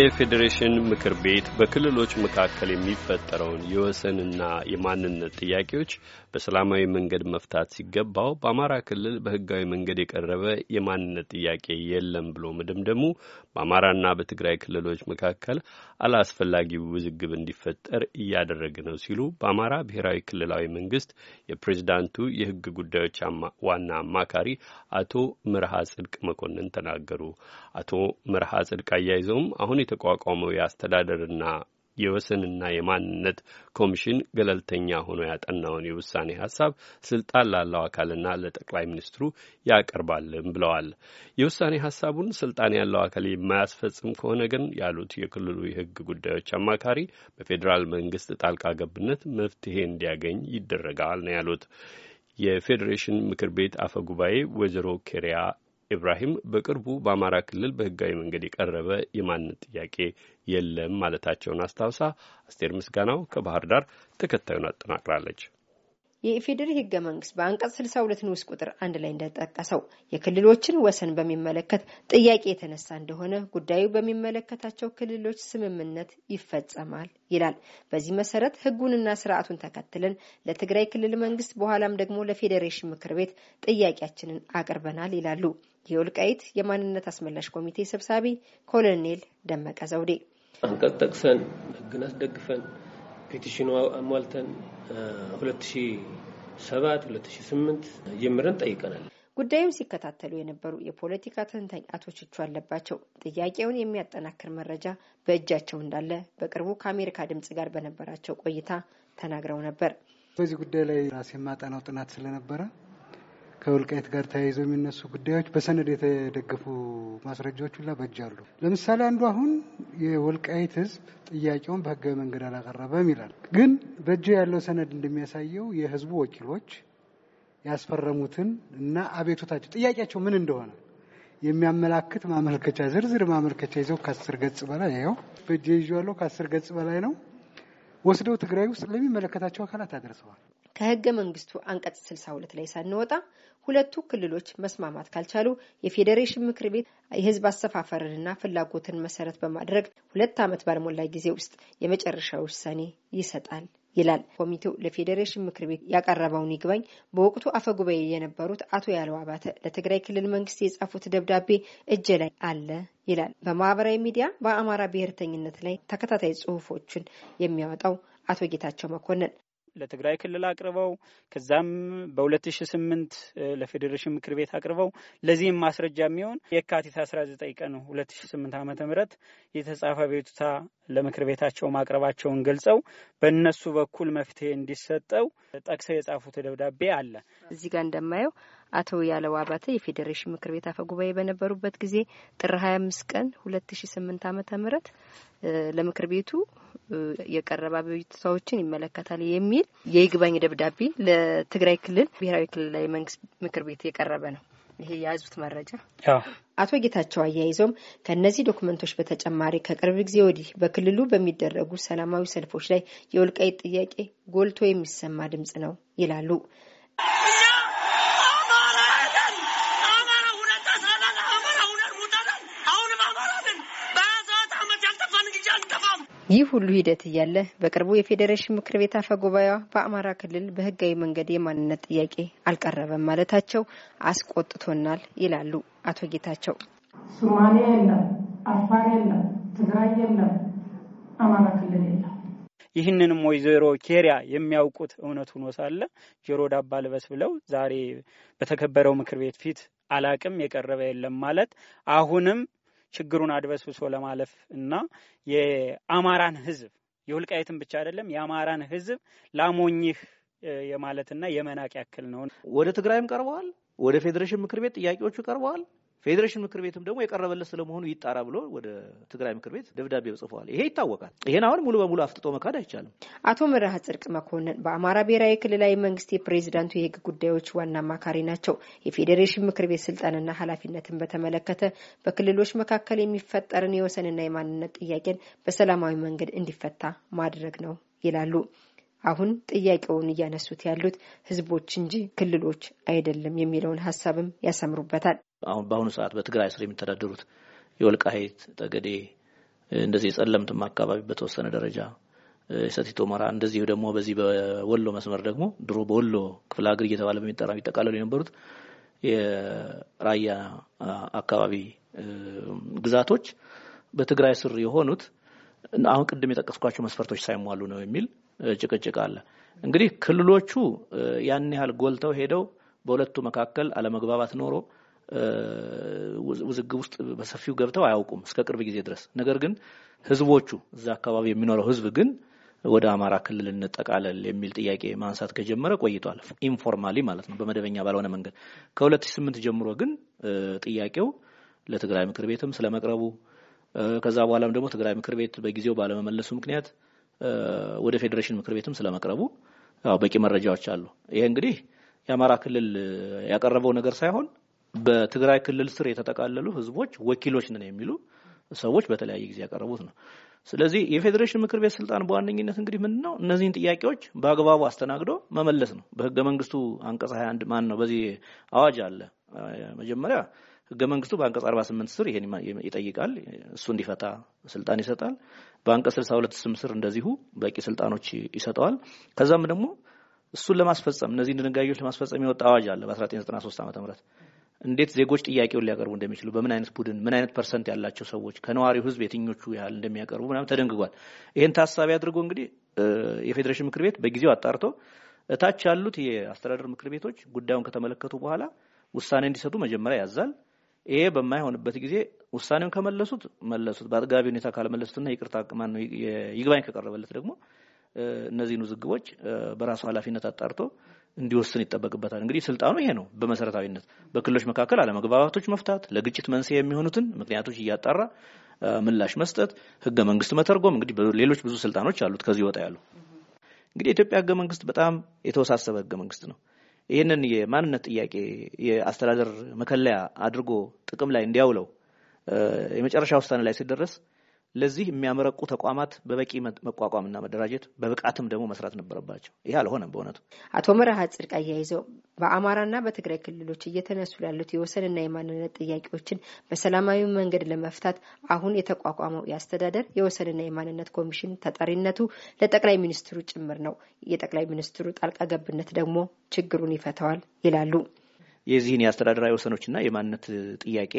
የፌዴሬሽን ምክር ቤት በክልሎች መካከል የሚፈጠረውን የወሰንና የማንነት ጥያቄዎች በሰላማዊ መንገድ መፍታት ሲገባው በአማራ ክልል በህጋዊ መንገድ የቀረበ የማንነት ጥያቄ የለም ብሎ መደምደሙ በአማራና በትግራይ ክልሎች መካከል አላስፈላጊ ውዝግብ እንዲፈጠር እያደረገ ነው ሲሉ በአማራ ብሔራዊ ክልላዊ መንግስት የፕሬዚዳንቱ የህግ ጉዳዮች ዋና አማካሪ አቶ ምርሃ ጽድቅ መኮንን ተናገሩ። አቶ ምርሃ ጽድቅ አያይዘውም አሁን የተቋቋመው የአስተዳደርና የወሰንና የማንነት ኮሚሽን ገለልተኛ ሆኖ ያጠናውን የውሳኔ ሀሳብ ስልጣን ላለው አካልና ለጠቅላይ ሚኒስትሩ ያቀርባልም ብለዋል። የውሳኔ ሀሳቡን ስልጣን ያለው አካል የማያስፈጽም ከሆነ ግን ያሉት የክልሉ የሕግ ጉዳዮች አማካሪ በፌዴራል መንግስት ጣልቃ ገብነት መፍትሄ እንዲያገኝ ይደረጋል ነው ያሉት። የፌዴሬሽን ምክር ቤት አፈ ጉባኤ ወይዘሮ ኬሪያ ኢብራሂም በቅርቡ በአማራ ክልል በህጋዊ መንገድ የቀረበ የማንነት ጥያቄ የለም ማለታቸውን አስታውሳ አስቴር ምስጋናው ከባህር ዳር ተከታዩን አጠናቅራለች። የኢፌዴሪ ህገ መንግስት በአንቀጽ 62 ንዑስ ቁጥር አንድ ላይ እንደጠቀሰው የክልሎችን ወሰን በሚመለከት ጥያቄ የተነሳ እንደሆነ ጉዳዩ በሚመለከታቸው ክልሎች ስምምነት ይፈጸማል ይላል። በዚህ መሰረት ህጉንና ስርዓቱን ተከትለን ለትግራይ ክልል መንግስት በኋላም ደግሞ ለፌዴሬሽን ምክር ቤት ጥያቄያችንን አቅርበናል ይላሉ የወልቃይት የማንነት አስመላሽ ኮሚቴ ሰብሳቢ ኮሎኔል ደመቀ ዘውዴ። አንቀጽ ጠቅሰን ህግን አስደግፈን ፔቲሽኑ አሟልተን 2007 2008 ጀምረን ጠይቀናል። ጉዳዩን ሲከታተሉ የነበሩ የፖለቲካ ተንታኝ አቶ ችቹ አለባቸው ጥያቄውን የሚያጠናክር መረጃ በእጃቸው እንዳለ በቅርቡ ከአሜሪካ ድምጽ ጋር በነበራቸው ቆይታ ተናግረው ነበር። በዚህ ጉዳይ ላይ ራሴ የማጠናው ጥናት ስለነበረ ከውልቃይት ጋር ተያይዘው የሚነሱ ጉዳዮች በሰነድ የተደገፉ ማስረጃዎች ሁላ በእጅ አሉ። ለምሳሌ አንዱ አሁን የወልቃይት ህዝብ ጥያቄውን በህጋዊ መንገድ አላቀረበም ይላል። ግን በእጅ ያለው ሰነድ እንደሚያሳየው የህዝቡ ወኪሎች ያስፈረሙትን እና አቤቱታቸው ጥያቄያቸው ምን እንደሆነ የሚያመላክት ማመልከቻ ዝርዝር ማመልከቻ ይዘው ከአስር ገጽ በላይ ያው በእጅ ይዤ ያለው ከአስር ገጽ በላይ ነው። ወስደው ትግራይ ውስጥ ለሚመለከታቸው አካላት አድርሰዋል። ከህገ መንግስቱ አንቀጽ 62 ላይ ሳንወጣ ሁለቱ ክልሎች መስማማት ካልቻሉ የፌዴሬሽን ምክር ቤት የህዝብ አሰፋፈርንና ፍላጎትን መሰረት በማድረግ ሁለት ዓመት ባልሞላ ጊዜ ውስጥ የመጨረሻ ውሳኔ ይሰጣል ይላል። ኮሚቴው ለፌዴሬሽን ምክር ቤት ያቀረበውን ይግባኝ በወቅቱ አፈ ጉባኤ የነበሩት አቶ ያለው አባተ ለትግራይ ክልል መንግስት የጻፉት ደብዳቤ እጄ ላይ አለ ይላል። በማህበራዊ ሚዲያ በአማራ ብሔርተኝነት ላይ ተከታታይ ጽሁፎችን የሚያወጣው አቶ ጌታቸው መኮንን ለትግራይ ክልል አቅርበው ከዛም በ2008 ለፌዴሬሽን ምክር ቤት አቅርበው ለዚህም ማስረጃ የሚሆን የካቲት 19 ቀን 2008 ዓ ም የተጻፈ ቤቱታ ለምክር ቤታቸው ማቅረባቸውን ገልጸው በእነሱ በኩል መፍትሄ እንዲሰጠው ጠቅሰው የጻፉት ደብዳቤ አለ። እዚህ ጋር እንደማየው አቶ ያለው አባተ የፌዴሬሽን ምክር ቤት አፈ ጉባኤ በነበሩበት ጊዜ ጥር 25 ቀን 2008 ዓመተ ምህረት ለምክር ቤቱ የቀረበ አቤቱታዎችን ይመለከታል የሚል የይግባኝ ደብዳቤ ለትግራይ ክልል ብሔራዊ ክልላዊ መንግስት ምክር ቤት የቀረበ ነው። ይሄ የያዙት መረጃ አቶ ጌታቸው አያይዘውም ከእነዚህ ዶክመንቶች በተጨማሪ ከቅርብ ጊዜ ወዲህ በክልሉ በሚደረጉ ሰላማዊ ሰልፎች ላይ የወልቃይት ጥያቄ ጎልቶ የሚሰማ ድምጽ ነው ይላሉ። ይህ ሁሉ ሂደት እያለ በቅርቡ የፌዴሬሽን ምክር ቤት አፈ ጉባኤዋ በአማራ ክልል በህጋዊ መንገድ የማንነት ጥያቄ አልቀረበም ማለታቸው አስቆጥቶናል ይላሉ አቶ ጌታቸው። ሶማሌ የለም፣ አፋር የለም፣ ትግራይ የለም፣ አማራ ክልል የለም። ይህንንም ወይዘሮ ኬሪያ የሚያውቁት እውነት ሆኖ ሳለ ጆሮ ዳባ ልበስ ብለው ዛሬ በተከበረው ምክር ቤት ፊት አላቅም የቀረበ የለም ማለት አሁንም ችግሩን አድበስብሶ ለማለፍ እና የአማራን ህዝብ የወልቃይትን ብቻ አይደለም የአማራን ህዝብ ላሞኝህ የማለትና የመናቅ ያክል ነው። ወደ ትግራይም ቀርበዋል። ወደ ፌዴሬሽን ምክር ቤት ጥያቄዎቹ ቀርበዋል። ፌዴሬሽን ምክር ቤትም ደግሞ የቀረበለት ስለመሆኑ ይጣራ ብሎ ወደ ትግራይ ምክር ቤት ደብዳቤ ጽፈዋል። ይሄ ይታወቃል። ይሄን አሁን ሙሉ በሙሉ አፍጥጦ መካድ አይቻልም። አቶ መርሃ ጽድቅ መኮንን በአማራ ብሔራዊ ክልላዊ መንግስት የፕሬዚዳንቱ የህግ ጉዳዮች ዋና አማካሪ ናቸው። የፌዴሬሽን ምክር ቤት ስልጣንና ኃላፊነትን በተመለከተ በክልሎች መካከል የሚፈጠርን የወሰንና የማንነት ጥያቄን በሰላማዊ መንገድ እንዲፈታ ማድረግ ነው ይላሉ። አሁን ጥያቄውን እያነሱት ያሉት ህዝቦች እንጂ ክልሎች አይደለም የሚለውን ሀሳብም ያሰምሩበታል። አሁን በአሁኑ ሰዓት በትግራይ ስር የሚተዳደሩት የወልቃይት ጠገዴ፣ እንደዚህ የጸለምትም አካባቢ በተወሰነ ደረጃ የሰቲት ሁመራ፣ እንደዚሁ ደግሞ በዚህ በወሎ መስመር ደግሞ ድሮ በወሎ ክፍለ ሀገር እየተባለ በሚጠራ ይጠቃለሉ የነበሩት የራያ አካባቢ ግዛቶች በትግራይ ስር የሆኑት አሁን ቅድም የጠቀስኳቸው መስፈርቶች ሳይሟሉ ነው የሚል ጭቅጭቅ አለ። እንግዲህ ክልሎቹ ያን ያህል ጎልተው ሄደው በሁለቱ መካከል አለመግባባት ኖሮ ውዝግብ ውስጥ በሰፊው ገብተው አያውቁም እስከ ቅርብ ጊዜ ድረስ። ነገር ግን ህዝቦቹ እዛ አካባቢ የሚኖረው ህዝብ ግን ወደ አማራ ክልል እንጠቃለል የሚል ጥያቄ ማንሳት ከጀመረ ቆይቷል። ኢንፎርማሊ ማለት ነው፣ በመደበኛ ባልሆነ መንገድ ከ2008 ጀምሮ ግን ጥያቄው ለትግራይ ምክር ቤትም ስለመቅረቡ ከዛ በኋላም ደግሞ ትግራይ ምክር ቤት በጊዜው ባለመመለሱ ምክንያት ወደ ፌዴሬሽን ምክር ቤትም ስለመቅረቡ ያው በቂ መረጃዎች አሉ። ይሄ እንግዲህ የአማራ ክልል ያቀረበው ነገር ሳይሆን በትግራይ ክልል ስር የተጠቃለሉ ህዝቦች ወኪሎች ነን የሚሉ ሰዎች በተለያየ ጊዜ ያቀረቡት ነው። ስለዚህ የፌዴሬሽን ምክር ቤት ስልጣን በዋነኝነት እንግዲህ ምንድን ነው እነዚህን ጥያቄዎች በአግባቡ አስተናግዶ መመለስ ነው። በህገ መንግስቱ አንቀጽ 21 ማን ነው በዚህ አዋጅ አለ መጀመሪያ ህገ መንግስቱ በአንቀጽ 48 ስር ይሄን ይጠይቃል። እሱ እንዲፈታ ስልጣን ይሰጣል። በአንቀጽ 62 ስም ስር እንደዚሁ በቂ ስልጣኖች ይሰጠዋል። ከዛም ደግሞ እሱን ለማስፈጸም እነዚህ ድንጋጌዎች ለማስፈጸም የወጣ አዋጅ አለ በ1993 ም እንዴት ዜጎች ጥያቄውን ሊያቀርቡ እንደሚችሉ በምን አይነት ቡድን ምን አይነት ፐርሰንት ያላቸው ሰዎች ከነዋሪው ህዝብ የትኞቹ ያህል እንደሚያቀርቡ ምናምን ተደንግጓል። ይህን ታሳቢ አድርጎ እንግዲህ የፌዴሬሽን ምክር ቤት በጊዜው አጣርቶ እታች ያሉት የአስተዳደር ምክር ቤቶች ጉዳዩን ከተመለከቱ በኋላ ውሳኔ እንዲሰጡ መጀመሪያ ያዛል። ይሄ በማይሆንበት ጊዜ ውሳኔውን ከመለሱት መለሱት፣ በአጥጋቢ ሁኔታ ካልመለሱትና ይቅርታ ነው ይግባኝ ከቀረበለት ደግሞ እነዚህን ውዝግቦች በራሱ ኃላፊነት አጣርቶ እንዲወስን ይጠበቅበታል። እንግዲህ ስልጣኑ ይሄ ነው። በመሰረታዊነት በክልሎች መካከል አለመግባባቶች መፍታት፣ ለግጭት መንስኤ የሚሆኑትን ምክንያቶች እያጣራ ምላሽ መስጠት፣ ህገ መንግስት መተርጎም፣ እንግዲህ ሌሎች ብዙ ስልጣኖች አሉት ከዚህ ወጣ ያሉ። እንግዲህ የኢትዮጵያ ህገ መንግስት በጣም የተወሳሰበ ህገ መንግስት ነው። ይህንን የማንነት ጥያቄ የአስተዳደር መከለያ አድርጎ ጥቅም ላይ እንዲያውለው የመጨረሻ ውሳኔ ላይ ሲደረስ ለዚህ የሚያመረቁ ተቋማት በበቂ መቋቋምና መደራጀት በብቃትም ደግሞ መስራት ነበረባቸው። ይህ አልሆነም። በእውነቱ አቶ መርሃ ጽድቅ አያይዘው በአማራና በትግራይ ክልሎች እየተነሱ ያሉት የወሰንና የማንነት ጥያቄዎችን በሰላማዊ መንገድ ለመፍታት አሁን የተቋቋመው የአስተዳደር የወሰንና የማንነት ኮሚሽን ተጠሪነቱ ለጠቅላይ ሚኒስትሩ ጭምር ነው። የጠቅላይ ሚኒስትሩ ጣልቃ ገብነት ደግሞ ችግሩን ይፈተዋል ይላሉ። የዚህን የአስተዳደራዊ ወሰኖችና የማንነት ጥያቄ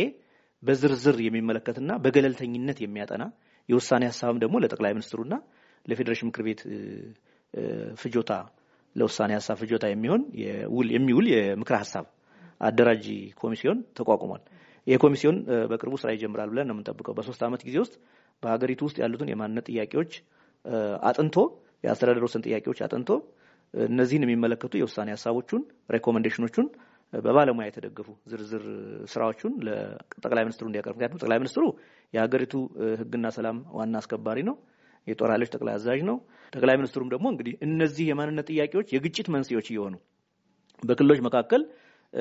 በዝርዝር የሚመለከትና በገለልተኝነት የሚያጠና የውሳኔ ሀሳብም ደግሞ ለጠቅላይ ሚኒስትሩና ለፌዴሬሽን ምክር ቤት ፍጆታ ለውሳኔ ሀሳብ ፍጆታ የሚሆን የሚውል የምክረ ሀሳብ አደራጅ ኮሚሲዮን ተቋቁሟል። ይህ ኮሚሲዮን በቅርቡ ስራ ይጀምራል ብለን ነው የምንጠብቀው። በሶስት ዓመት ጊዜ ውስጥ በሀገሪቱ ውስጥ ያሉትን የማንነት ጥያቄዎች አጥንቶ የአስተዳደር ወሰን ጥያቄዎች አጥንቶ እነዚህን የሚመለከቱ የውሳኔ ሀሳቦቹን ሬኮመንዴሽኖቹን? በባለሙያ የተደገፉ ዝርዝር ስራዎቹን ለጠቅላይ ሚኒስትሩ እንዲያቀርብ። ምክንያቱም ጠቅላይ ሚኒስትሩ የሀገሪቱ ሕግና ሰላም ዋና አስከባሪ ነው። የጦር ኃይሎች ጠቅላይ አዛዥ ነው። ጠቅላይ ሚኒስትሩም ደግሞ እንግዲህ እነዚህ የማንነት ጥያቄዎች የግጭት መንስኤዎች እየሆኑ በክልሎች መካከል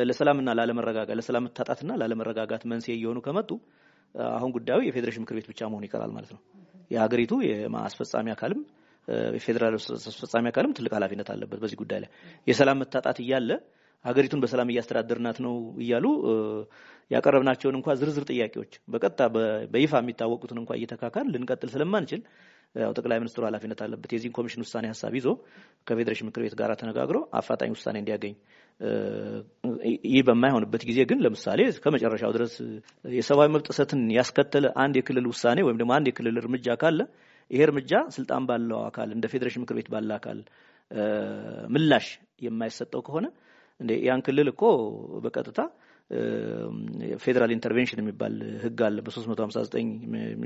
ለሰላምና ላለመረጋጋት ለሰላም መታጣትና ላለመረጋጋት መንስኤ እየሆኑ ከመጡ አሁን ጉዳዩ የፌዴሬሽን ምክር ቤት ብቻ መሆን ይቀራል ማለት ነው። የሀገሪቱ የማስፈጻሚ አካልም የፌዴራል አስፈጻሚ አካልም ትልቅ ኃላፊነት አለበት በዚህ ጉዳይ ላይ የሰላም መታጣት እያለ ሀገሪቱን በሰላም እያስተዳደርናት ነው እያሉ ያቀረብናቸውን እንኳ ዝርዝር ጥያቄዎች በቀጥታ በይፋ የሚታወቁትን እንኳ እየተካካል ልንቀጥል ስለማንችል ያው ጠቅላይ ሚኒስትሩ ኃላፊነት አለበት። የዚህን ኮሚሽን ውሳኔ ሀሳብ ይዞ ከፌዴሬሽን ምክር ቤት ጋር ተነጋግሮ አፋጣኝ ውሳኔ እንዲያገኝ። ይህ በማይሆንበት ጊዜ ግን ለምሳሌ ከመጨረሻው ድረስ የሰብአዊ መብት ጥሰትን ያስከተለ አንድ የክልል ውሳኔ ወይም ደግሞ አንድ የክልል እርምጃ ካለ ይሄ እርምጃ ስልጣን ባለው አካል እንደ ፌዴሬሽን ምክር ቤት ባለ አካል ምላሽ የማይሰጠው ከሆነ ያን ክልል እኮ በቀጥታ ፌዴራል ኢንተርቬንሽን የሚባል ህግ አለ። በ359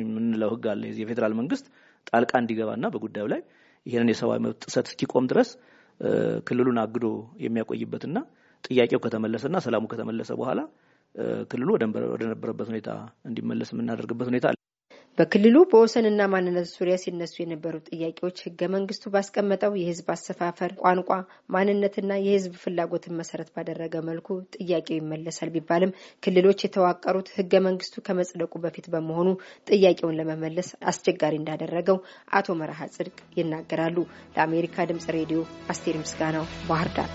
የምንለው ህግ አለ። የፌዴራል መንግስት ጣልቃ እንዲገባና በጉዳዩ ላይ ይህንን የሰብአዊ መብት ጥሰት እስኪቆም ድረስ ክልሉን አግዶ የሚያቆይበትና ጥያቄው ከተመለሰና ሰላሙ ከተመለሰ በኋላ ክልሉ ወደነበረበት ሁኔታ እንዲመለስ የምናደርግበት ሁኔታ አለ። በክልሉ በወሰንና ማንነት ዙሪያ ሲነሱ የነበሩ ጥያቄዎች ህገ መንግስቱ ባስቀመጠው የህዝብ አሰፋፈር፣ ቋንቋ፣ ማንነትና የህዝብ ፍላጎትን መሰረት ባደረገ መልኩ ጥያቄው ይመለሳል ቢባልም ክልሎች የተዋቀሩት ህገ መንግስቱ ከመጽደቁ በፊት በመሆኑ ጥያቄውን ለመመለስ አስቸጋሪ እንዳደረገው አቶ መርሃ ጽድቅ ይናገራሉ። ለአሜሪካ ድምጽ ሬዲዮ አስቴር ምስጋናው ባህር ዳር